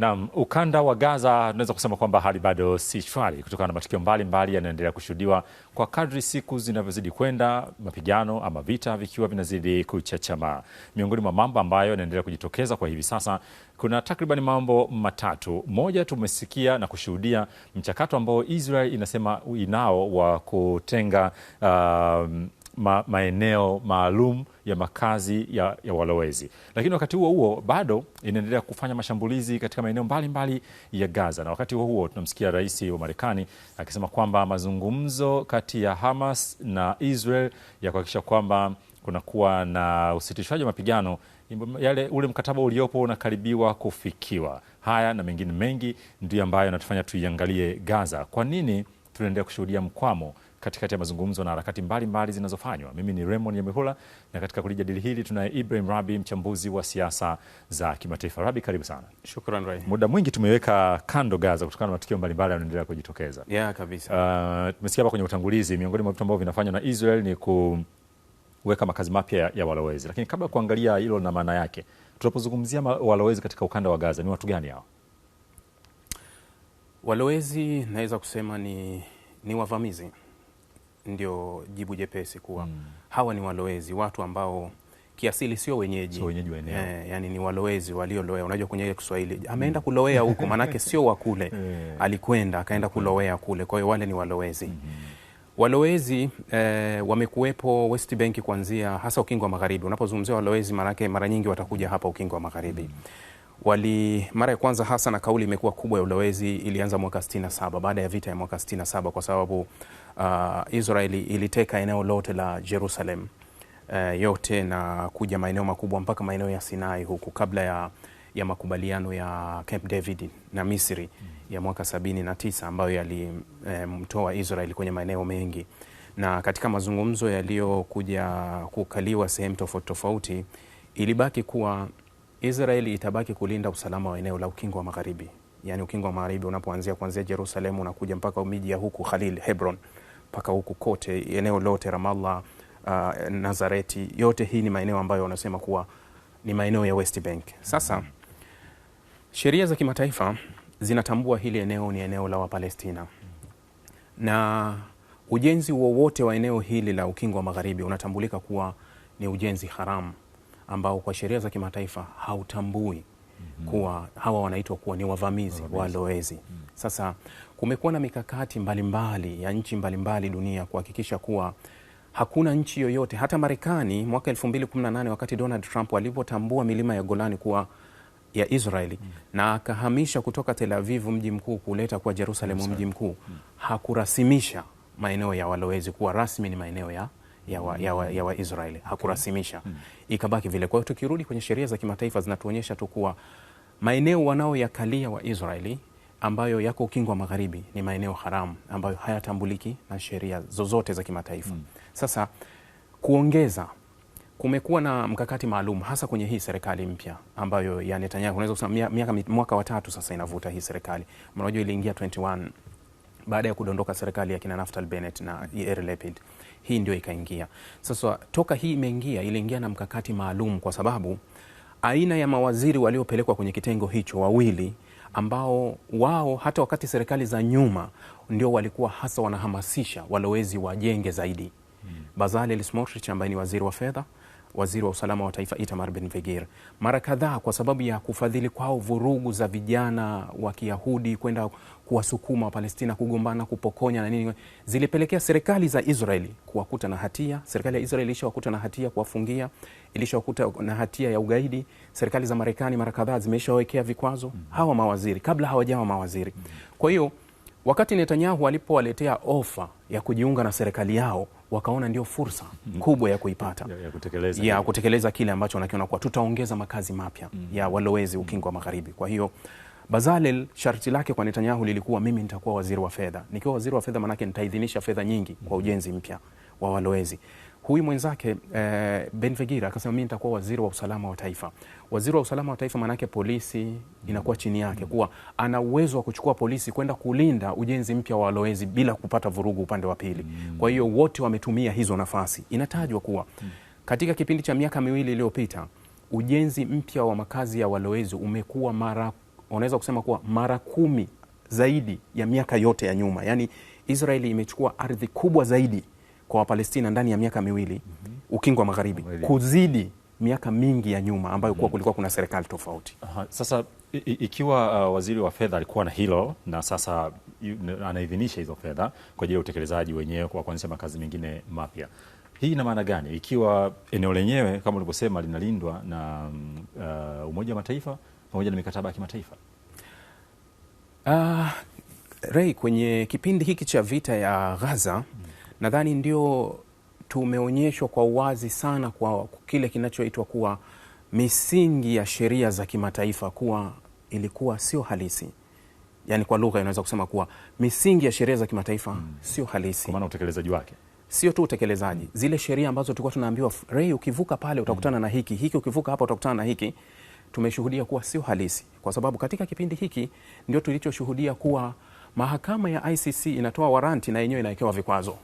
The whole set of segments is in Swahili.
Naam, ukanda wa Gaza tunaweza kusema kwamba hali bado si shwari kutokana na matukio mbalimbali yanaendelea kushuhudiwa kwa kadri siku zinavyozidi kwenda, mapigano ama vita vikiwa vinazidi kuchachamaa. Miongoni mwa mambo ambayo yanaendelea kujitokeza kwa hivi sasa, kuna takriban mambo matatu. Moja, tumesikia na kushuhudia mchakato ambao Israel inasema inao wa kutenga um, ma, maeneo maalum ya makazi ya, ya walowezi. Lakini wakati huo huo bado inaendelea kufanya mashambulizi katika maeneo mbalimbali ya Gaza, na wakati huo huo tunamsikia rais wa Marekani akisema kwamba mazungumzo kati ya Hamas na Israel ya kuhakikisha kwamba kunakuwa na usitishaji wa mapigano yale, ule mkataba uliopo unakaribiwa kufikiwa. Haya na mengine mengi ndiyo ambayo anatufanya tuiangalie Gaza. Kwa nini tunaendelea kushuhudia mkwamo katikati ya mazungumzo na harakati mbalimbali zinazofanywa. Mimi ni Raymond Nyamihula na katika kulijadili hili tunaye Ibrahim Rabi, mchambuzi wa siasa za kimataifa. Rabi, karibu sana. Shukran Rai. Muda mwingi tumeweka kando Gaza kutokana na matukio mbalimbali yanaendelea kujitokeza. Yeah, kabisa. Uh, tumesikia hapa kwenye utangulizi, miongoni mwa vitu ambavyo vinafanywa na Israel ni kuweka makazi mapya ya walowezi, lakini kabla ya kuangalia hilo na maana yake, tunapozungumzia walowezi katika ukanda wa Gaza ni watu gani hao? Walowezi naweza kusema ni, ni wavamizi, ndio jibu jepesi kuwa mm. hawa ni walowezi, watu ambao kiasili sio wenyeji, sio wenyeji eh, yani ni walowezi waliolowea. Unajua kwenye ile Kiswahili hmm. ameenda kulowea huko, maanake sio wa kule yeah. alikwenda akaenda hmm. kulowea kule, kwa hiyo wale ni walowezi mm -hmm. Walowezi eh, wamekuwepo West Bank kuanzia hasa ukingo wa magharibi. Unapozungumzia walowezi, maanake mara nyingi watakuja hapa ukingo wa magharibi mm -hmm wali mara ya kwanza hasa, na kauli imekuwa kubwa ya ulowezi ilianza mwaka 67 baada ya vita ya mwaka 67 kwa sababu uh, Israeli iliteka eneo lote la Jerusalem uh, yote na kuja maeneo makubwa mpaka maeneo ya Sinai huku kabla ya, ya makubaliano ya Camp David na Misri ya mwaka 79 ambayo yalimtoa um, Israeli kwenye maeneo mengi na katika mazungumzo yaliyokuja kukaliwa sehemu tofauti tofauti ilibaki kuwa Israel itabaki kulinda usalama wa eneo la ukingo wa magharibi, yani ukingo wa magharibi unapoanzia kuanzia Jerusalemu unakuja mpaka miji ya huku Khalil, Hebron, mpaka huku kote eneo lote Ramallah, uh, Nazareti, yote hii ni maeneo ambayo wanasema kuwa ni maeneo ya West Bank. Sasa sheria za kimataifa zinatambua hili eneo ni eneo la Wapalestina na ujenzi wowote wa eneo hili la ukingo wa magharibi unatambulika kuwa ni ujenzi haramu ambao kwa sheria za kimataifa hautambui mm -hmm. kuwa hawa wanaitwa kuwa ni wavamizi walowezi. mm -hmm. Sasa kumekuwa na mikakati mbalimbali mbali, ya nchi mbalimbali mbali dunia kuhakikisha kuwa hakuna nchi yoyote hata Marekani mwaka 2018 wakati Donald Trump alipotambua milima ya Golani kuwa ya Israeli mm. na akahamisha kutoka Tel Aviv mji mkuu kuleta kuwa Jerusalemu mji mkuu mm. hakurasimisha maeneo ya walowezi kuwa rasmi ni maeneo ya ya Waisraeli wa, wa hakurasimisha okay. Hmm. Ikabaki vile. Kwa hiyo tukirudi kwenye sheria za kimataifa zinatuonyesha tu kuwa maeneo wanaoyakalia Waisraeli ambayo yako ukingo wa magharibi ni maeneo haramu ambayo hayatambuliki na sheria zozote za kimataifa mm. Sasa kuongeza kumekuwa na mkakati maalum hasa kwenye hii serikali mpya ambayo ya Netanyahu, unaweza kusema miaka mwaka watatu sasa inavuta hii serikali. Mnajua iliingia baada ya kudondoka serikali ya kina Naftali Bennett na Yair Lapid, hii ndio ikaingia. Sasa toka hii imeingia, iliingia na mkakati maalum, kwa sababu aina ya mawaziri waliopelekwa kwenye kitengo hicho wawili ambao wao hata wakati serikali za nyuma ndio walikuwa hasa wanahamasisha walowezi wajenge zaidi. Hmm. Bazalel Smotrich ambaye ni waziri wa fedha waziri wa usalama wa taifa Itamar Ben-Gvir mara kadhaa kwa sababu ya kufadhili kwao vurugu za vijana wa Kiyahudi kwenda kuwasukuma Wapalestina kugombana, kupokonya na nini, zilipelekea serikali za Israeli kuwakuta na hatia. Serikali ya Israeli ilishawakuta na hatia kuwafungia, ilishawakuta na hatia ya ugaidi. Serikali za Marekani mara kadhaa zimeshawekea vikwazo mm-hmm. hawa mawaziri kabla hawajawa mawaziri. Kwa hiyo wakati Netanyahu alipowaletea ofa ya kujiunga na serikali yao wakaona ndio fursa kubwa ya kuipata ya, ya kutekeleza, ya, kutekeleza kile ambacho wanakiona kuwa tutaongeza makazi mapya mm. ya walowezi ukingo wa magharibi. Kwa hiyo Bazalel sharti lake kwa Netanyahu lilikuwa mimi nitakuwa waziri wa fedha. Nikiwa waziri wa fedha, manake nitaidhinisha fedha nyingi kwa ujenzi mpya wa walowezi. Huyu mwenzake eh, Benvegira akasema mimi nitakuwa waziri wa usalama wa taifa. Waziri wa usalama wa taifa maanake polisi inakuwa chini yake, kuwa ana uwezo wa kuchukua polisi kwenda kulinda ujenzi mpya wa walowezi bila kupata vurugu upande wa pili. Mm. Kwa hiyo wote wametumia hizo nafasi. Inatajwa kuwa mm. katika kipindi cha miaka miwili iliyopita ujenzi mpya wa makazi ya walowezi umekuwa mara, unaweza kusema kuwa mara kumi zaidi ya miaka yote ya nyuma. Yaani Israeli imechukua ardhi kubwa zaidi kwa Wapalestina ndani ya miaka miwili mm -hmm. ukingo wa magharibi kuzidi miaka mingi ya nyuma ambayo kuwa mhm. kulikuwa kuna serikali tofauti. Aha, sasa i, ikiwa uh, waziri wa fedha alikuwa na hilo na sasa anaidhinisha hizo fedha kwa ajili ya utekelezaji wenyewe kwa kuanzisha makazi mengine mapya, hii ina maana gani ikiwa eneo lenyewe kama ulivyosema linalindwa na uh, Umoja wa Mataifa pamoja na mikataba ya kimataifa? Uh, ah, Rei, kwenye kipindi hiki cha vita ya Gaza mm nadhani ndio tumeonyeshwa kwa uwazi sana kwa kile kinachoitwa kuwa misingi ya sheria za kimataifa kuwa ilikuwa sio halisi. Yani kwa lugha inaweza kusema kuwa misingi ya sheria za kimataifa mm, sio halisi, kwa maana utekelezaji wake sio tu utekelezaji, zile sheria ambazo tulikuwa tunaambiwa Rei, ukivuka pale utakutana mm, na hiki hiki, ukivuka hapa utakutana na hiki, tumeshuhudia kuwa sio halisi, kwa sababu katika kipindi hiki ndio tulichoshuhudia kuwa mahakama ya ICC inatoa waranti na yenyewe inawekewa vikwazo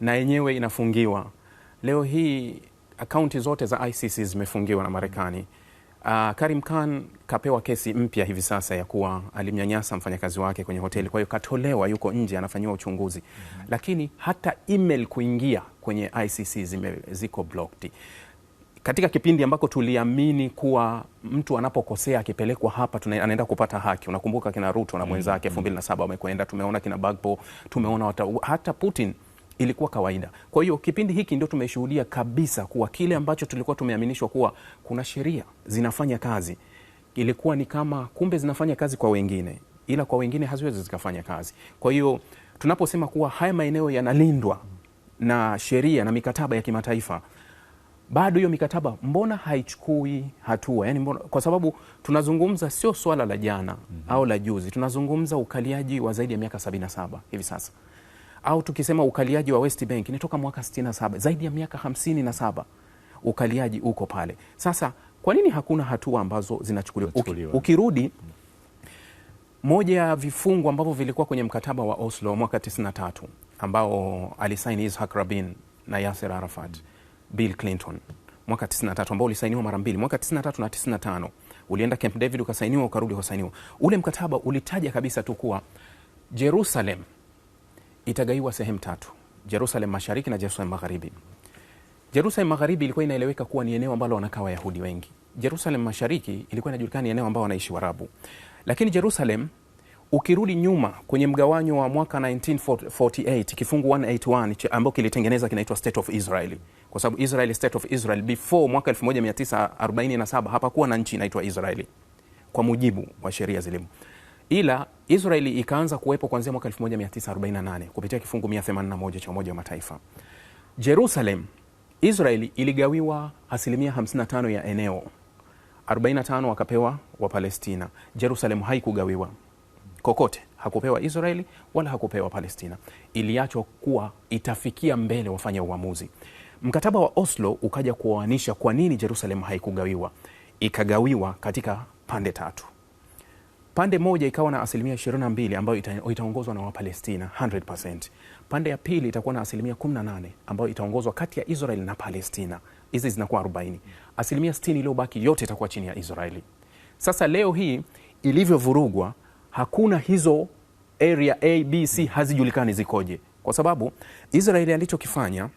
na yenyewe inafungiwa. Leo hii akaunti zote za ICC zimefungiwa na Marekani. Uh, Karim Khan kapewa kesi mpya hivi sasa ya kuwa alimnyanyasa mfanyakazi wake kwenye hoteli, kwa hiyo katolewa, yuko nje anafanyiwa uchunguzi mm -hmm. Lakini hata email kuingia kwenye ICC zime, ziko blocked. Katika kipindi ambako tuliamini kuwa mtu anapokosea akipelekwa hapa tuna, anaenda kupata haki. Unakumbuka kina Ruto na mm, mwenzake 2007 mm -hmm. wamekwenda, tumeona kina Bagbo, tumeona wata, hata Putin ilikuwa kawaida. Kwa hiyo kipindi hiki ndio tumeshuhudia kabisa kuwa kile ambacho tulikuwa tumeaminishwa kuwa kuna sheria zinafanya kazi, ilikuwa ni kama kumbe zinafanya kazi kwa wengine, ila kwa wengine haziwezi zikafanya kazi. Kwa hiyo tunaposema kuwa haya maeneo yanalindwa na sheria na mikataba ya kimataifa bado hiyo mikataba mbona haichukui hatua? Yani mbona, kwa sababu tunazungumza sio swala la jana mm -hmm. au la juzi, tunazungumza ukaliaji wa zaidi ya miaka 77 hivi sasa au tukisema ukaliaji wa West Bank ni toka mwaka 67, zaidi ya miaka 57 ukaliaji uko pale. Sasa kwa nini hakuna hatua ambazo zinachukuliwa? ukirudi moja ya vifungu ambavyo vilikuwa kwenye mkataba wa Oslo mwaka 93 ambao alisaini Ishak Rabin na Yasser Arafat mm. Bill Clinton mwaka 93 ambao ulisainiwa mara mbili mwaka 93 na 95, ulienda Camp David ukasainiwa, ukarudi ukasainiwa. Ule mkataba ulitaja kabisa tu kuwa Jerusalem mm itagaiwa sehemu tatu, Jerusalem Mashariki na Jerusalem Magharibi. Jerusalem Magharibi ilikuwa inaeleweka kuwa ni eneo ambalo wanakaa Wayahudi wengi. Jerusalem Mashariki ilikuwa inajulikana ni eneo ambao wanaishi Warabu. Lakini Jerusalem ukirudi nyuma kwenye mgawanyo wa mwaka 1948 kifungu 181 ambao kilitengeneza kinaitwa State of Israel, kwa sababu Israel, State of Israel before mwaka 1947 hapakuwa na nchi inaitwa Israeli kwa mujibu wa sheria zilimu ila Israeli ikaanza kuwepo kuanzia mwaka 1948 kupitia kifungu 181 cha Umoja wa Mataifa. Jerusalem, Israeli iligawiwa asilimia 55 ya eneo, 45 wakapewa Wapalestina. Jerusalem haikugawiwa kokote, hakupewa Israeli wala hakupewa Palestina, iliachwa kuwa itafikia mbele wafanya uamuzi. Mkataba wa Oslo ukaja kuoanisha kwa nini Jerusalem haikugawiwa, ikagawiwa katika pande tatu. Pande moja ikawa na asilimia 22 ambayo itaongozwa na Wapalestina 100%. Pande ya pili itakuwa na asilimia 18 ambayo itaongozwa kati ya Israel na Palestina, hizi zinakuwa 40. Asilimia 60 iliyobaki yote itakuwa chini ya Israeli. Sasa leo hii ilivyovurugwa, hakuna hizo area A, B, C hazijulikani zikoje, kwa sababu Israeli alichokifanya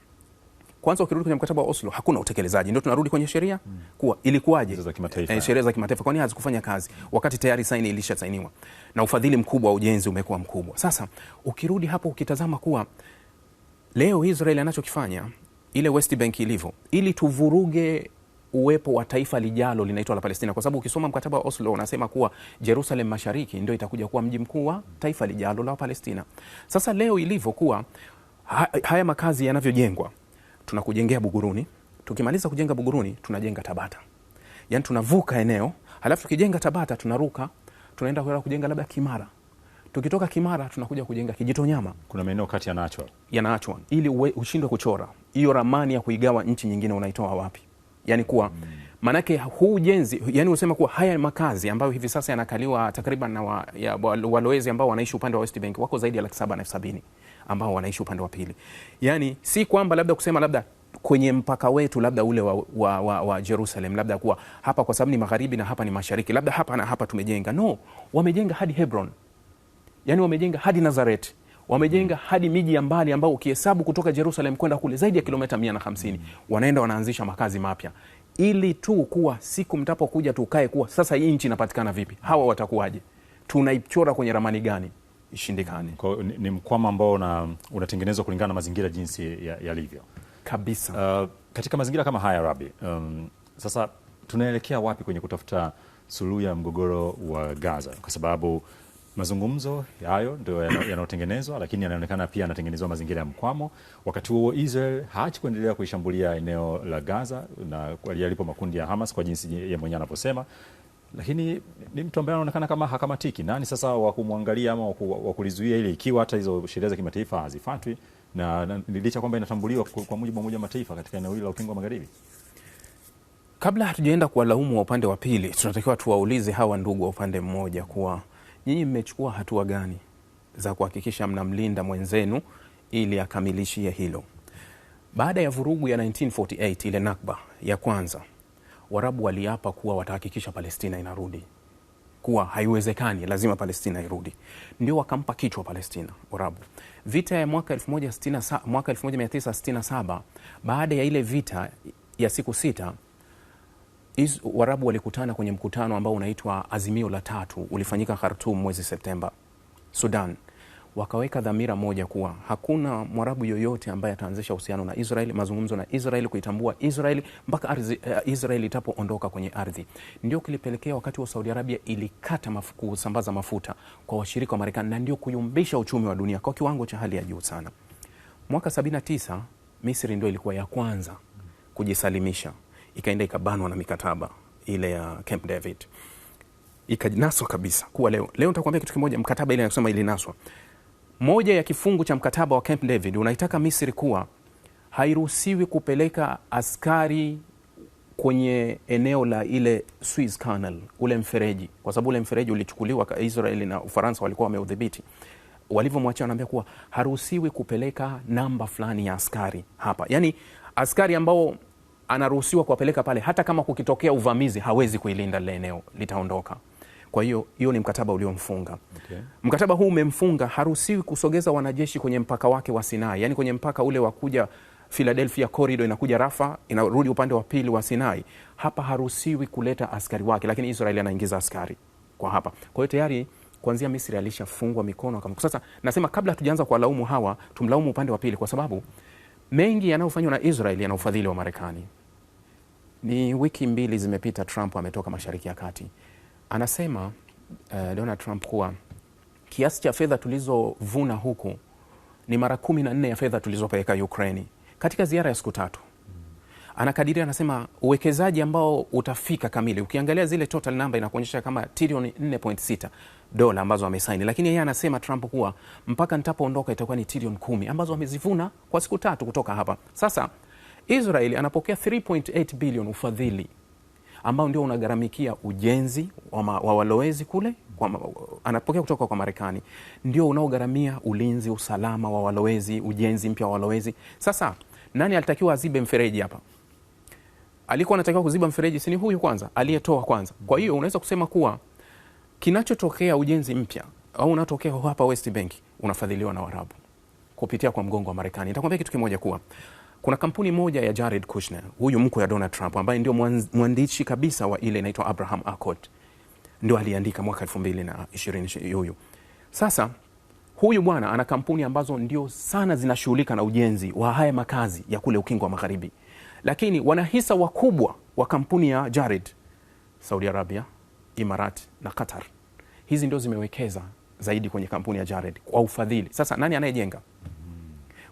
kwanza ukirudi kwenye mkataba wa Oslo hakuna utekelezaji, ndio tunarudi kwenye sheria mm. kuwa ilikuwaje sheria za kimataifa, eh, kwa nini hazikufanya kazi wakati tayari saini ilishasainiwa na ufadhili mkubwa wa ujenzi umekuwa mkubwa. Sasa ukirudi hapo ukitazama kuwa leo Israel anachokifanya ile West Bank ilivyo, ili tuvuruge uwepo wa taifa lijalo linaitwa la Palestina, kwa sababu ukisoma mkataba wa Oslo unasema kuwa Jerusalem Mashariki ndio itakuja kuwa mji mkuu wa taifa lijalo la Palestina. Sasa leo ilivyokuwa haya makazi yanavyojengwa tunakujengea Buguruni, tukimaliza kujenga Buguruni tunajenga Tabata, yani tunavuka eneo, halafu tukijenga Tabata tunaruka tunaenda kujenga labda Kimara, tukitoka Kimara tunakuja kujenga Kijito Nyama. Kuna maeneo kati yanaachwa yanaachwa ili ushindwe kuchora hiyo ramani ya kuigawa nchi nyingine, unaitoa wapi? Yani kuwa maanake hmm. mm. huu ujenzi yani usema kuwa haya makazi ambayo hivi sasa yanakaliwa takriban na wa, ya, walowezi ambao wanaishi upande wa West Bank wako zaidi ya laki saba na elfu sabini ambao wanaishi upande wa pili. Yani si kwamba labda kusema labda kwenye mpaka wetu labda ule wa, wa, wa, wa Jerusalem labda kuwa hapa kwa sababu ni magharibi na hapa ni mashariki, labda hapa na hapa tumejenga. No, wamejenga hadi Hebron, yani wamejenga hadi Nazaret, wamejenga mm. hadi miji ya mbali ambao ukihesabu kutoka Jerusalem kwenda kule zaidi ya kilomita 150 mm. wanaenda wanaanzisha makazi mapya ili tu kuwa siku mtapokuja tukae kuwa sasa hii nchi inapatikana vipi, hawa watakuwaje, tunaichora kwenye ramani gani? ishindikane. Kwa ni, ni mkwama ambao unatengenezwa una kulingana na mazingira jinsi yalivyo ya kabisa. Uh, katika mazingira kama haya Rabi, um, sasa tunaelekea wapi kwenye kutafuta suluhu ya mgogoro wa Gaza kwa sababu mazungumzo hayo ndio yanayotengenezwa, lakini yanaonekana pia yanatengenezwa mazingira ya mkwamo. Wakati huo Israel haachi kuendelea kuishambulia eneo la Gaza na yalipo makundi ya Hamas kwa jinsi ya mwenyewe anavyosema, lakini ni mtu ambaye anaonekana kama hakamatiki. Nani sasa wa kumwangalia ama wa kulizuia ile, ikiwa hata hizo sheria za kimataifa hazifuatwi na, na licha kwamba inatambuliwa kwa mujibu wa Umoja wa Mataifa katika eneo hili la Ukingo wa Magharibi? Kabla hatujaenda kuwalaumu wa upande wa pili, tunatakiwa tuwaulize hawa ndugu wa upande mmoja kuwa nyinyi mmechukua hatua gani za kuhakikisha mnamlinda mwenzenu ili akamilishie hilo. Baada ya vurugu ya 1948 ile Nakba ya kwanza Waarabu waliapa kuwa watahakikisha Palestina inarudi, kuwa haiwezekani, lazima Palestina irudi. Ndio wakampa kichwa Palestina Waarabu. Vita ya mwaka 1967 baada ya ile vita ya siku sita warabu walikutana kwenye mkutano ambao unaitwa Azimio la Tatu, ulifanyika khartum mwezi Septemba, Sudan wakaweka dhamira moja kuwa hakuna mwarabu yoyote ambaye ataanzisha uhusiano na Israeli, mazungumzo na Israeli, kuitambua Israeli mpaka ardhi, uh, eh, Israeli itapoondoka kwenye ardhi. Ndio kilipelekea wakati wa Saudi Arabia ilikata kusambaza mafuta kwa washirika wa Marekani, na ndio kuyumbisha uchumi wa dunia kwa kiwango cha hali ya juu sana. Mwaka 79 Misri ndio ilikuwa ya kwanza kujisalimisha, ikaenda ikabanwa na mikataba ile ya Camp David ikanaswa kabisa kuwa leo leo nitakwambia kitu kimoja, mkataba ile inasema ilinaswa moja ya kifungu cha mkataba wa Camp David unaitaka Misri kuwa hairuhusiwi kupeleka askari kwenye eneo la ile Suez Canal, ule mfereji, kwa sababu ule mfereji ulichukuliwa Israeli na Ufaransa walikuwa wameudhibiti. Walivyomwachia wanaambia kuwa haruhusiwi kupeleka namba fulani ya askari hapa, yaani askari ambao anaruhusiwa kuwapeleka pale, hata kama kukitokea uvamizi hawezi kuilinda lile eneo, litaondoka. Kwa hiyo hiyo ni mkataba uliomfunga. Okay. Mkataba huu umemfunga, haruhusiwi kusogeza wanajeshi kwenye mpaka wake wa Sinai, yaani kwenye mpaka ule wa kuja Philadelphia corridor inakuja Rafa inarudi upande wa pili wa Sinai. Hapa haruhusiwi kuleta askari wake, lakini Israeli anaingiza askari kwa hapa. Kwa hiyo tayari kuanzia Misri alishafungwa mikono kama. Sasa nasema kabla hatujaanza kuwalaumu hawa, tumlaumu upande wa pili kwa sababu mengi yanayofanywa na Israeli yana ufadhili wa Marekani. Ni wiki mbili zimepita, Trump ametoka Mashariki ya Kati. Anasema uh, Donald Trump kuwa kiasi cha fedha tulizovuna huku ni mara kumi na nne ya fedha tulizopeleka Ukraini katika ziara ya siku tatu. Anakadiria, anasema uwekezaji ambao utafika kamili, ukiangalia zile total namba inakuonyesha kama trilioni 4.6 dola ambazo amesaini, lakini yeye anasema Trump kuwa mpaka nitapoondoka itakuwa ni trilioni kumi ambazo amezivuna kwa siku tatu kutoka hapa. Sasa Israeli anapokea 3.8 bilioni ufadhili ambao ndio unagharamikia ujenzi wa, wa walowezi kule kwa, anapokea kutoka kwa Marekani, ndio unaogharamia ulinzi, usalama wa walowezi, ujenzi mpya wa walowezi. Sasa nani alitakiwa azibe mfereji hapa? Alikuwa anatakiwa kuziba mfereji, sini huyu kwanza aliyetoa kwanza? Kwa hiyo unaweza kusema kuwa kinachotokea ujenzi mpya au unatokea hapa West Bank unafadhiliwa na Warabu kupitia kwa mgongo wa Marekani. Nitakwambia kitu kimoja kuwa kuna kampuni moja ya Jared Kushner, huyu mkwe ya Donald Trump, ambaye ndio mwandishi kabisa wa ile inaitwa Abraham Accord, ndio aliandika mwaka ishirini huyu. Sasa huyu bwana ana kampuni ambazo ndio sana zinashughulika na ujenzi wa haya makazi ya kule ukingo wa magharibi, lakini wanahisa wakubwa wa kampuni ya Jared Saudi Arabia, Imarat na Qatar, hizi ndio zimewekeza zaidi kwenye kampuni ya Jared kwa ufadhili. Sasa nani anayejenga?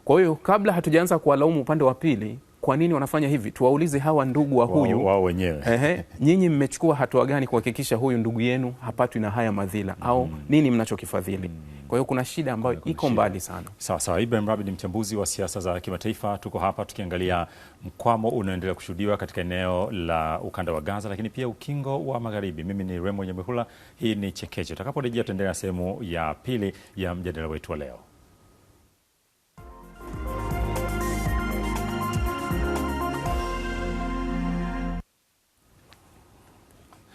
Kwa hiyo kabla hatujaanza kuwalaumu upande wa pili kwa nini wanafanya hivi, tuwaulize hawa ndugu wa huyu wao wenyewe ehe, nyinyi mmechukua hatua gani kuhakikisha huyu ndugu yenu hapatwi na haya madhila mm. au nini mnachokifadhili mm. Kwa hiyo kuna shida ambayo iko mbali sana. Sawa sawa. Ibrahim Rahbi ni mchambuzi wa siasa za kimataifa. Tuko hapa tukiangalia mkwamo unaoendelea kushuhudiwa katika eneo la ukanda wa Gaza, lakini pia ukingo wa Magharibi. Mimi ni Remo Nyamehula, hii ni Chekeche. Utakaporejea tutaendelea na sehemu ya pili ya mjadala wetu wa leo.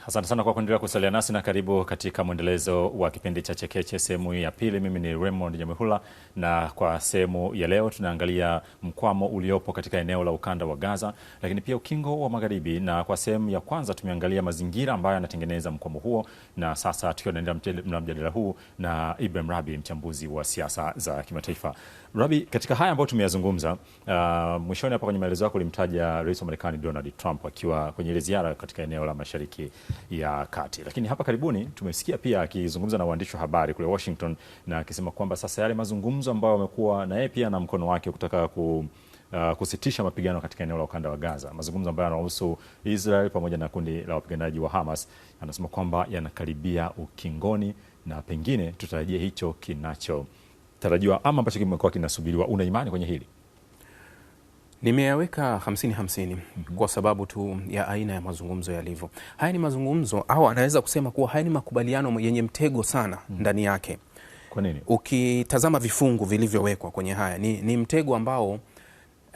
Asante sana kwa kuendelea kusalia nasi na karibu katika mwendelezo wa kipindi cha Chekeche sehemu hii ya pili. Mimi ni Raymond Nyamwihula na kwa sehemu ya leo tunaangalia mkwamo uliopo katika eneo la ukanda wa Gaza, lakini pia ukingo wa Magharibi, na kwa sehemu ya kwanza tumeangalia mazingira ambayo yanatengeneza mkwamo huo, na sasa tukiwa tunaendelea na mjadala huu na Ibrahim Rabi, mchambuzi wa siasa za kimataifa. Rabi, katika haya ambayo tumeyazungumza uh, mwishoni hapa kwenye maelezo yako ulimtaja rais wa Marekani Donald Trump akiwa kwenye ile ziara katika eneo la Mashariki ya Kati, lakini hapa karibuni tumesikia pia akizungumza na waandishi wa habari kule Washington na akisema kwamba sasa yale mazungumzo ambayo amekuwa na yeye pia na mkono wake kutaka ku Uh, kusitisha mapigano katika eneo la ukanda wa Gaza, mazungumzo ambayo yanahusu Israel pamoja na kundi la wapiganaji wa Hamas, anasema kwamba yanakaribia ukingoni na pengine tutarajia hicho kinacho kinatarajiwa ama ambacho kimekuwa kinasubiriwa. Una imani kwenye hili? Nimeyaweka 50 50 mm -hmm. Kwa sababu tu ya aina ya mazungumzo yalivyo. Haya ni mazungumzo au anaweza kusema kuwa haya ni makubaliano yenye mtego sana mm -hmm. ndani yake. Kwa nini? Ukitazama vifungu vilivyowekwa kwenye haya ni, ni mtego ambao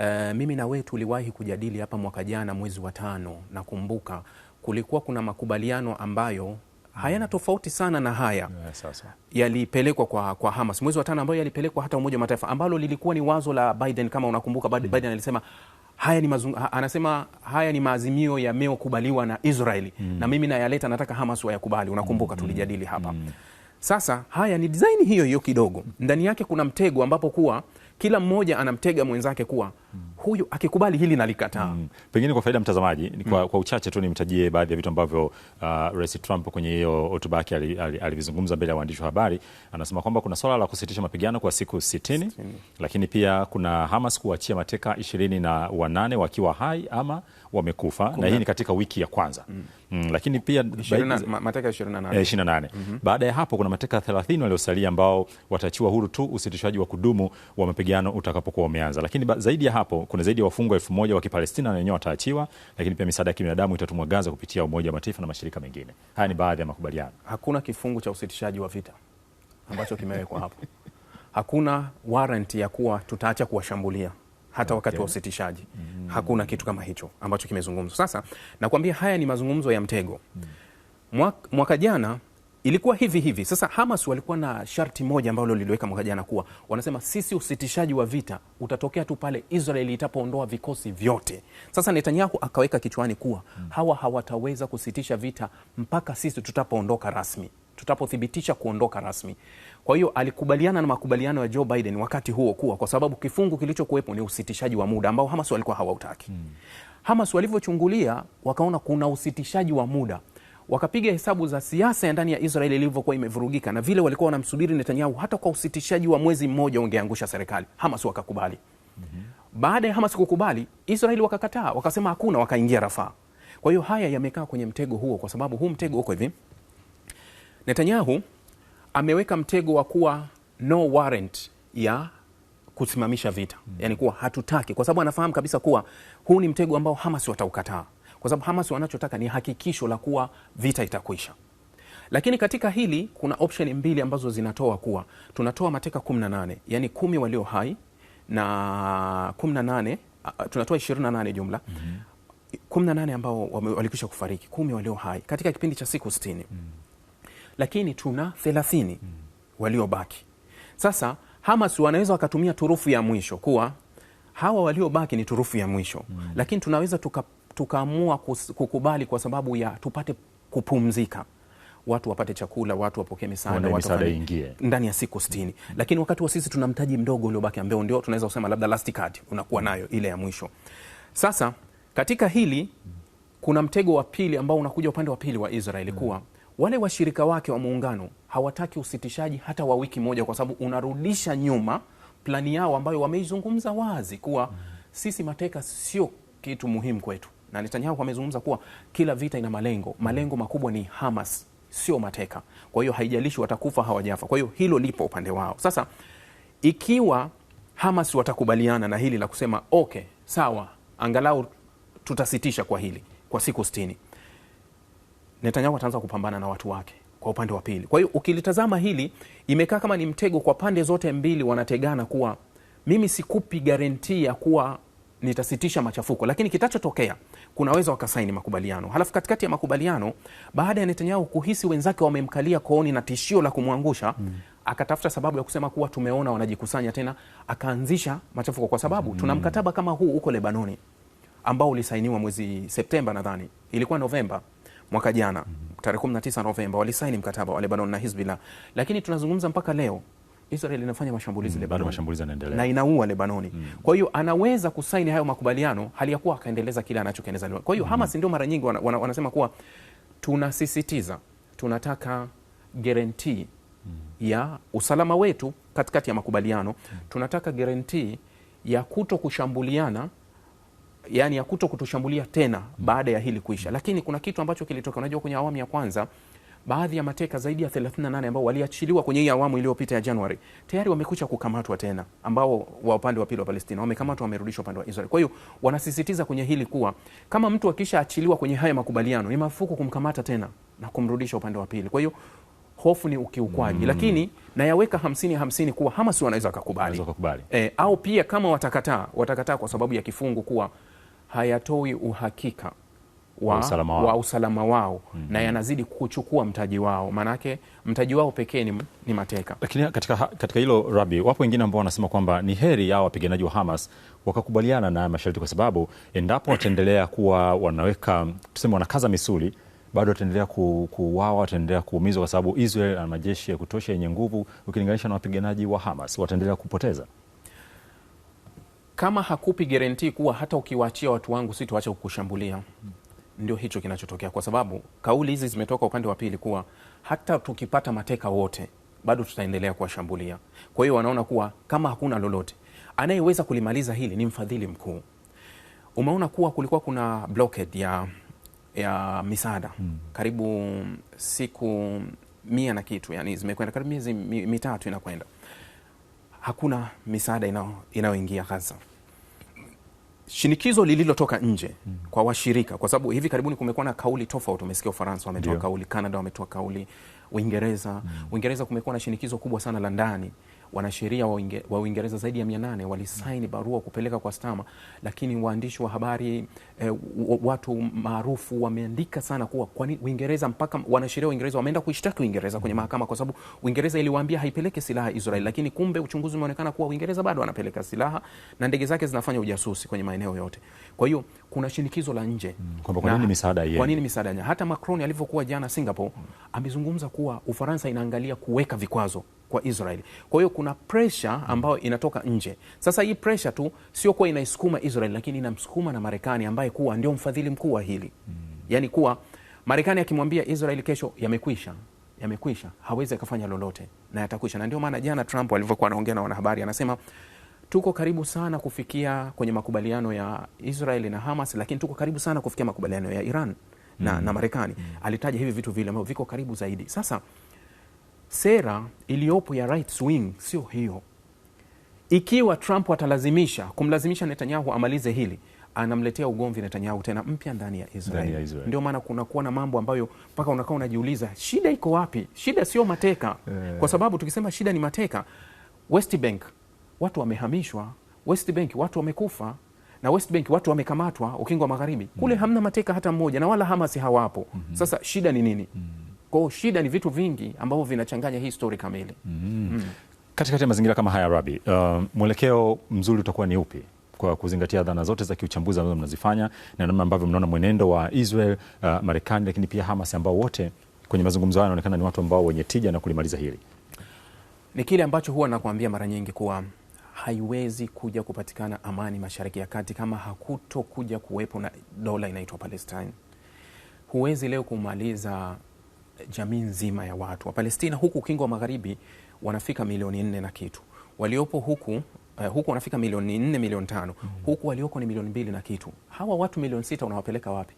Uh, mimi na wewe tuliwahi kujadili hapa mwaka jana mwezi wa tano, nakumbuka kulikuwa kuna makubaliano ambayo hayana mm. tofauti sana na haya eh, yalipelekwa kwa, kwa Hamas mwezi wa tano, ambayo yalipelekwa hata Umoja wa Mataifa, ambalo lilikuwa ni wazo la Biden. Kama unakumbuka Biden, mm. Biden alisema haya ni mazung... anasema haya ni maazimio yameokubaliwa na Israeli mm. na mimi nayaleta, nataka Hamas wayakubali. Unakumbuka mm. tulijadili hapa mm. Sasa haya ni design hiyo hiyo kidogo, ndani yake kuna mtego ambapo kuwa kila mmoja anamtega mwenzake kuwa huyu akikubali hili nalikataa. Mm. Pengine kwa faida mtazamaji ni kwa, mm. kwa uchache tu nimtajie baadhi ya vitu ambavyo uh, Rais Trump kwenye hiyo hotuba yake alivizungumza mbele ya waandishi wa habari. Anasema kwamba kuna swala la kusitisha mapigano kwa siku sitini lakini pia kuna Hamas kuachia mateka ishirini na wanane wakiwa hai ama wamekufa na hii ni katika wiki ya kwanza mm. Mm, lakini pia mateka 28 eh, mhm. baada ya hapo kuna mateka 30 waliosalia ambao watachiwa huru tu usitishaji wa kudumu wa mapigano utakapokuwa umeanza. Lakini ba, zaidi ya hapo kuna zaidi ya wafungwa elfu moja wa Kipalestina na wenyewe wataachiwa, lakini pia misaada ya kibinadamu itatumwa Gaza kupitia Umoja wa Mataifa na mashirika mengine. Haya ni baadhi ya makubaliano. Hakuna kifungu cha usitishaji wa vita ambacho kimewekwa hapo. Hakuna warrant ya kuwa tutaacha kuwashambulia hata wakati okay, wa usitishaji mm -hmm. Hakuna kitu kama hicho ambacho kimezungumzwa. Sasa nakwambia haya ni mazungumzo ya mtego mm -hmm. Mwaka, jana ilikuwa hivi hivi. Sasa Hamas walikuwa na sharti moja ambalo liliweka mwaka jana kuwa wanasema sisi usitishaji wa vita utatokea tu pale Israeli itapoondoa vikosi vyote. Sasa Netanyahu akaweka kichwani kuwa mm. hawa hawataweza kusitisha vita mpaka sisi tutapoondoka rasmi tutapothibitisha kuondoka rasmi. Kwa hiyo alikubaliana na makubaliano ya Joe Biden wakati huo kuwa, kwa sababu kifungu kilichokuwepo ni usitishaji wa muda ambao Hamas walikuwa hawautaki hmm. Hamas walivyochungulia wakaona kuna usitishaji wa muda wakapiga hesabu za siasa ya ndani ya Israeli ilivyokuwa imevurugika na vile walikuwa wanamsubiri Netanyahu, hata kwa usitishaji wa mwezi mmoja ungeangusha serikali. Hamas wakakubali. mm -hmm. Baada ya Hamas kukubali, Israeli wakakataa, wakasema hakuna, wakaingia Rafaa. Kwa hiyo haya yamekaa kwenye mtego huo, kwa sababu huu mtego uko hivi Netanyahu ameweka mtego wa kuwa no warrant ya kusimamisha vita, mm. yani kuwa hatutaki, kwa sababu anafahamu kabisa kuwa huu ni mtego ambao Hamas wataukataa, kwa sababu Hamas wanachotaka ni hakikisho la kuwa vita itakwisha. Lakini katika hili kuna option mbili ambazo zinatoa kuwa tunatoa mateka 18 yani kumi walio hai na 18 uh, tunatoa 28 jumla mm -hmm. 18 ambao walikwisha kufariki, kumi walio hai katika kipindi cha siku 60. Mm -hmm lakini tuna thelathini mm. waliobaki. Sasa Hamas wanaweza wakatumia turufu ya mwisho kuwa hawa waliobaki ni turufu ya mwisho mm. lakini tunaweza tukaamua tuka kukubali kwa sababu ya tupate kupumzika watu wapate chakula, watu wapokee misaada, ndani ya siku sitini. mm. Lakini wakati wa sisi tuna mtaji mdogo uliobaki ambao ndio tunaweza kusema labda last card unakuwa nayo ile ya mwisho. Sasa katika hili hmm. kuna mtego wa pili ambao unakuja upande wa pili wa Israeli hmm. kuwa mm wale washirika wake wa muungano hawataki usitishaji hata wa wiki moja, kwa sababu unarudisha nyuma plani yao ambayo wameizungumza wazi kuwa sisi mateka sio kitu muhimu kwetu, na Netanyahu amezungumza kuwa kila vita ina malengo, malengo makubwa ni Hamas sio mateka. Kwa hiyo haijalishi watakufa hawajafa. Kwa hiyo hilo lipo upande wao. Sasa ikiwa Hamas watakubaliana na hili la kusema okay, sawa, angalau tutasitisha kwa hili kwa siku sitini Netanyahu ataanza kupambana na watu wake kwa upande wa pili. Kwa hiyo ukilitazama hili, imekaa kama ni mtego kwa pande zote mbili, wanategana kuwa mimi sikupi garanti ya kuwa nitasitisha machafuko, lakini kitachotokea kunaweza wakasaini makubaliano, halafu katikati ya makubaliano, baada ya Netanyahu kuhisi wenzake wamemkalia kooni na tishio la kumwangusha hmm. akatafuta sababu ya kusema kuwa tumeona wanajikusanya tena, akaanzisha machafuko, kwa sababu tuna mm. mkataba kama huu huko Lebanoni ambao ulisainiwa mwezi Septemba, nadhani ilikuwa Novemba mwaka jana tarehe 19 Novemba walisaini mkataba wa Lebanon na Hizbullah, lakini tunazungumza mpaka leo Israel inafanya mashambulizi mm, Lebanon. Bado mashambulizi yanaendelea na inaua Lebanoni mm. Kwa hiyo anaweza kusaini hayo makubaliano hali ya kuwa akaendeleza kile anachokiendeleza. Kwa hiyo mm. Hamas ndio mara nyingi wana, wana, wanasema kuwa tunasisitiza tunataka garanti mm. ya usalama wetu katikati ya makubaliano mm. tunataka garanti ya kuto kushambuliana yani ya kuto kutushambulia tena baada ya hili kuisha. Lakini kuna kitu ambacho kilitoka, unajua kwenye awamu ya kwanza baadhi ya mateka zaidi ya 38 ambao waliachiliwa kwenye hii awamu iliyopita ya Januari tayari wamekucha kukamatwa tena, ambao wa upande wa pili wa Palestina wamekamatwa, wamerudishwa upande wa Israel. Kwa hiyo wanasisitiza kwenye hili kuwa kama mtu akishaachiliwa kwenye haya makubaliano, ni marufuku kumkamata tena na kumrudisha upande wa pili. Kwa hiyo hofu ni ukiukwaji mm. Lakini nayaweka hamsini hamsini kuwa Hamas wanaweza kukubali e, eh, au pia kama watakataa watakataa kwa sababu ya kifungu kuwa hayatoi uhakika wa usalama wao, wa usalama wao mm -hmm. na yanazidi kuchukua mtaji wao, maanake mtaji wao pekee ni, ni mateka. Lakini katika, katika hilo Rabi, wapo wengine ambao wanasema kwamba ni heri hao wapiganaji wa Hamas wakakubaliana na masharti, kwa sababu endapo wataendelea kuwa wanaweka tuseme, wanakaza misuli bado wataendelea kuuawa, wataendelea kuumizwa, kwa sababu Israel ana majeshi ya kutosha yenye nguvu ukilinganisha na wapiganaji wa Hamas, wataendelea kupoteza kama hakupi garanti kuwa hata ukiwaachia watu wangu sitaacha kukushambulia, ndio hicho kinachotokea, kwa sababu kauli hizi zimetoka upande wa pili kuwa hata tukipata mateka wote bado tutaendelea kuwashambulia. Kwa hiyo wanaona kuwa kama hakuna lolote, anayeweza kulimaliza hili ni mfadhili mkuu. Umeona kuwa kulikuwa kuna blockade ya, ya misaada hmm, karibu siku mia na kitu, yani zimekwenda karibu miezi mitatu inakwenda, hakuna misaada inayoingia Gaza shinikizo lililotoka nje mm. kwa washirika, kwa sababu hivi karibuni kumekuwa na kauli tofauti. Umesikia Ufaransa wametoa kauli, Canada wametoa kauli, Uingereza mm. Uingereza kumekuwa na shinikizo kubwa sana la ndani Wanasheria wa Uingereza zaidi ya mia nane walisaini barua kupeleka kwa Stama, lakini waandishi wa habari eh, watu maarufu wameandika sana kuwa kwani Uingereza mpaka wanasheria wa Uingereza wameenda kuishtaki Uingereza kwenye mahakama kwa sababu Uingereza iliwaambia haipeleke silaha Israeli, lakini kumbe uchunguzi umeonekana kuwa Uingereza bado anapeleka silaha na ndege zake zinafanya ujasusi kwenye maeneo yote. Kwa hiyo kuna shinikizo la nje mm, kwamba kwa nini misaada yeye, kwa nini misaada yeye. Hata Macron alivyokuwa jana Singapore amezungumza kuwa Ufaransa inaangalia kuweka vikwazo kwa Israel. Kwa hiyo kuna presha ambayo inatoka nje. Sasa hii presha tu sio kuwa inaisukuma Israel, lakini inamsukuma na Marekani ambaye kuwa ndio mfadhili mkuu wa hili mm. Yaani kuwa Marekani akimwambia Israel kesho yamekwisha yamekwisha, hawezi akafanya lolote na yatakwisha. Na ndio maana jana Trump alivyokuwa anaongea na wanahabari anasema tuko karibu sana kufikia kwenye makubaliano ya Israel na Hamas, lakini tuko karibu sana kufikia makubaliano ya Iran na, mm. na Marekani mm. alitaja hivi vitu vile ambavyo viko karibu zaidi sasa Sera iliyopo ya right swing sio hiyo. Ikiwa Trump atalazimisha kumlazimisha Netanyahu amalize hili, anamletea ugomvi Netanyahu tena mpya ndani ya Israel. Israel. Ndio maana kunakuwa na mambo ambayo mpaka unakaa unajiuliza shida iko wapi? Shida sio mateka, eh. kwa sababu tukisema shida ni mateka, West Bank watu wamehamishwa, West Bank watu wamekufa na West Bank watu wamekamatwa, ukingo wa magharibi kule, mm. hamna mateka hata mmoja na wala Hamas hawapo. mm -hmm. Sasa shida ni nini? mm -hmm. Kwao shida ni vitu vingi ambavyo vinachanganya hii stori kamili. mm. mm. Katikati ya mazingira kama haya Rabi, uh, mwelekeo mzuri utakuwa ni upi kwa kuzingatia dhana zote za kiuchambuzi ambazo mnazifanya na namna ambavyo mnaona mwenendo wa Israel, uh, Marekani lakini pia Hamas ambao wote kwenye mazungumzo hayo wanaonekana ni watu ambao wenye tija na kulimaliza hili? Ni kile ambacho huwa nakuambia mara nyingi kuwa haiwezi kuja kupatikana amani Mashariki ya Kati kama hakutokuja kuwepo na dola inaitwa Palestine. Huwezi leo kumaliza jamii nzima ya watu wa Palestina huku ukingo wa magharibi wanafika milioni nne na kitu waliopo huku Uh, huku wanafika milioni nne milioni tano mm -hmm. Huku walioko ni milioni mbili na kitu. Hawa watu milioni sita unawapeleka wapi?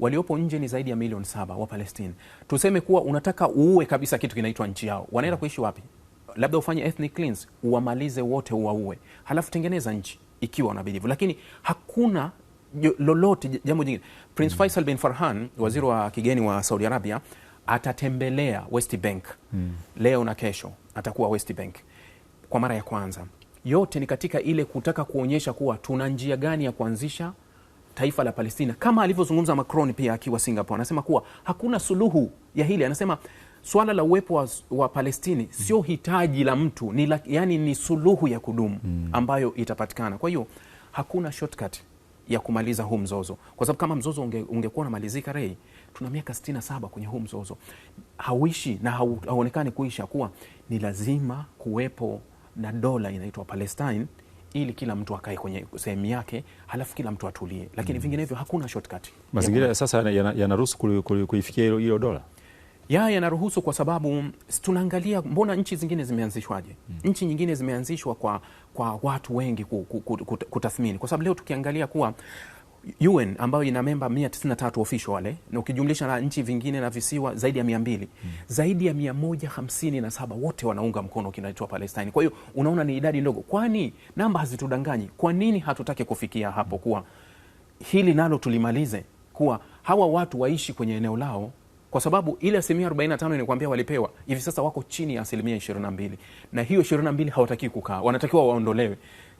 Waliopo nje ni zaidi ya milioni saba wa Palestina. Tuseme kuwa unataka uue kabisa kitu kinaitwa nchi yao, wanaenda kuishi wapi? Labda ufanye ethnic cleanse, uwamalize wote, uwaue, halafu tengeneza nchi ikiwa unabidivu, lakini hakuna lolote jambo jingine. Prince mm -hmm. Faisal bin Farhan, waziri wa kigeni wa Saudi Arabia atatembelea West Bank mm. leo na kesho atakuwa West Bank kwa mara ya kwanza. Yote ni katika ile kutaka kuonyesha kuwa tuna njia gani ya kuanzisha taifa la Palestina, kama alivyozungumza Macron pia akiwa Singapore. Anasema kuwa hakuna suluhu ya hili, anasema swala la uwepo wa, wa Palestini hmm. sio hitaji la mtu ni la, yani ni suluhu ya kudumu hmm. ambayo itapatikana. Kwa hiyo hakuna shortcut ya kumaliza huu mzozo, kwa sababu kama mzozo unge, ungekuwa unamalizika rei tuna miaka 67 kwenye huu mzozo, hauishi na hauonekani kuisha, kuwa ni lazima kuwepo na dola inaitwa Palestine ili kila mtu akae kwenye sehemu yake, halafu kila mtu atulie, lakini mm. vinginevyo hakuna shortcut. Mazingira ya sasa yanaruhusu yana kuifikia hilo dola ya yanaruhusu kwa sababu tunaangalia mbona nchi zingine zimeanzishwaje? mm. Nchi nyingine zimeanzishwa kwa, kwa watu wengi kutathmini, kwa sababu leo tukiangalia kuwa UN ambayo ina memba 193 official wale na ukijumlisha na nchi vingine na visiwa zaidi ya 200 mm. zaidi ya 157 wote wanaunga mkono kinaitwa Palestine. Kwa hiyo unaona ni idadi ndogo, kwani namba hazitudanganyi. Kwa nini hatutaki kufikia hapo kuwa hili nalo tulimalize, kuwa hawa watu waishi kwenye eneo lao, kwa sababu ile asilimia 45 inakwambia walipewa, hivi sasa wako chini ya asilimia 22, na hiyo 22 hawataki kukaa, wanatakiwa waondolewe.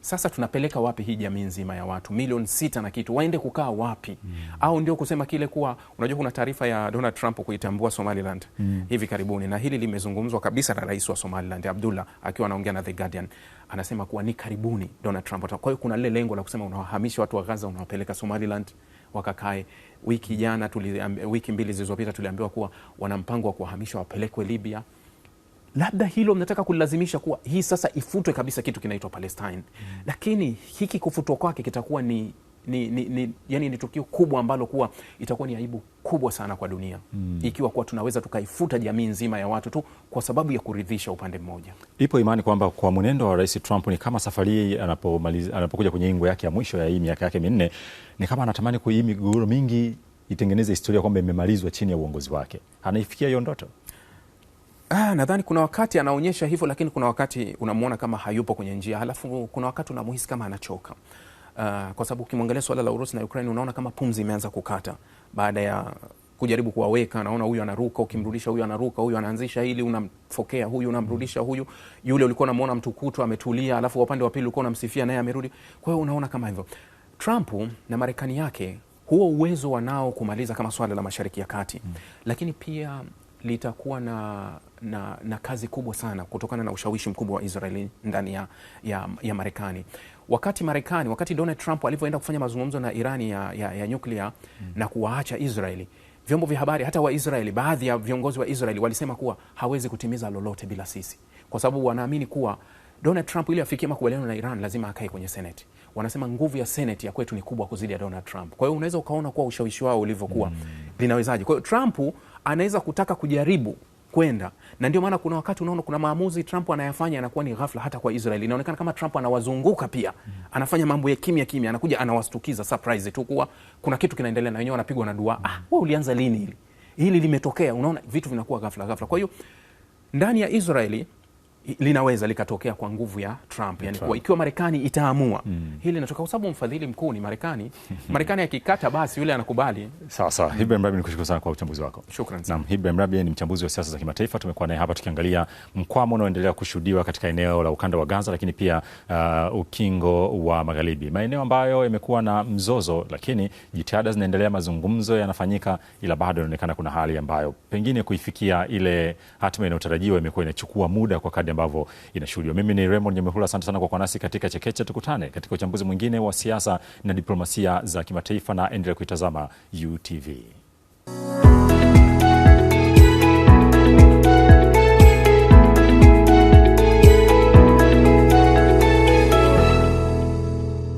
Sasa tunapeleka wapi hii jamii nzima ya watu milioni sita na kitu, waende kukaa wapi? mm. au ndio kusema kile kuwa unajua, kuna taarifa ya Donald Trump kuitambua Somaliland mm. hivi karibuni, na hili limezungumzwa kabisa na rais wa Somaliland Abdullah, akiwa anaongea na The Guardian, anasema kuwa ni karibuni Donald Trump. Kwa hiyo kuna lile lengo la kusema unawahamisha watu wa Gaza unawapeleka Somaliland wakakae. Wiki jana tuli, wiki mbili zilizopita tuliambiwa kuwa wana mpango wa kuwahamisha wapelekwe Libya labda hilo mnataka kulazimisha kuwa hii sasa ifutwe kabisa kitu kinaitwa Palestine. Mm. Lakini hiki kufutwa kwake kitakuwa ni ni, ni, ni, yani ni tukio kubwa ambalo kuwa itakuwa ni aibu kubwa sana kwa dunia mm. Ikiwa kuwa tunaweza tukaifuta jamii nzima ya watu tu kwa sababu ya kuridhisha upande mmoja. Ipo imani kwamba kwa mwenendo wa Rais Trump ni kama safari hii anapokuja kwenye ingo yake ya mwisho ya hii miaka yake minne, ni kama anatamani kuhii migogoro mingi itengeneze historia kwamba imemalizwa chini ya uongozi wake. Anaifikia hiyo ndoto? Ah, nadhani kuna wakati anaonyesha hivyo, lakini kuna wakati unamwona kama hayupo kwenye njia, halafu kuna wakati unamuhisi kama anachoka. Uh, kwa sababu ukimwangalia swala la Urusi na Ukraine unaona kama pumzi imeanza kukata baada ya kujaribu kuwaweka, naona huyu anaruka, ukimrudisha huyu anaruka, huyu anaanzisha hili, unamfokea huyu, unamrudisha huyu. Yule ulikuwa unamwona mtukutu ametulia, alafu upande wa pili ulikuwa unamsifia naye amerudi. Kwa hiyo unaona kama hivyo Trump na Marekani yake huo uwezo wanao kumaliza kama swala la Mashariki ya Kati, mm. lakini pia litakuwa na, na, na kazi kubwa sana kutokana na ushawishi mkubwa wa Israeli ndani ya, ya, ya Marekani. Wakati Marekani, wakati Donald Trump alivyoenda kufanya mazungumzo na Irani ya, ya, ya nyuklia mm, na kuwaacha Israeli vyombo vya habari hata Waisraeli, baadhi ya viongozi wa Israeli walisema kuwa hawezi kutimiza lolote bila sisi, kwa sababu wanaamini kuwa Donald Trump ili afikie makubaliano na Iran lazima akae kwenye Seneti. Wanasema nguvu ya Seneti ya kwetu ni kubwa kuzidi ya Donald Trump. Kwa hiyo unaweza ukaona kuwa ushawishi wao ulivyokuwa mm, linawezaje. Kwa hiyo Trump anaweza kutaka kujaribu kwenda na ndio maana kuna wakati unaona kuna maamuzi Trump anayafanya anakuwa ni ghafla. Hata kwa Israel inaonekana kama Trump anawazunguka pia, anafanya mambo ya kimya kimya, anakuja anawastukiza surprise tu kuwa kuna kitu kinaendelea, na wenyewe wanapigwa na dua, ah, wewe ulianza lini hili hili limetokea? Unaona vitu vinakuwa ghafla ghafla. Kwa hiyo ndani ya Israeli linaweza likatokea kwa nguvu ya Trump, yani Kwa ikiwa Marekani itaamua mm. hili linatoka kwa sababu mfadhili mkuu ni Marekani. Marekani akikata basi yule anakubali. Sawa sawa, Hibe Mrabi, nikushukuru sana kwa uchambuzi wako. Shukrani. Naam, Hibe Mrabi ni mchambuzi wa siasa za kimataifa, tumekuwa naye hapa tukiangalia mkwamo unaoendelea kushuhudiwa katika eneo la ukanda wa Gaza, lakini pia uh, ukingo wa Magharibi, maeneo ambayo yamekuwa na mzozo, lakini jitihada zinaendelea, mazungumzo yanafanyika, ila bado inaonekana kuna hali ambayo pengine kuifikia ile hatima inayotarajiwa imekuwa inachukua muda kwa kadri ambavyo inashuhudiwa. Mimi ni Raymond Nyamehula, asante sana kwa kuwa nasi katika Chekeche. Tukutane katika uchambuzi mwingine wa siasa na diplomasia za kimataifa, na endelea kuitazama UTV.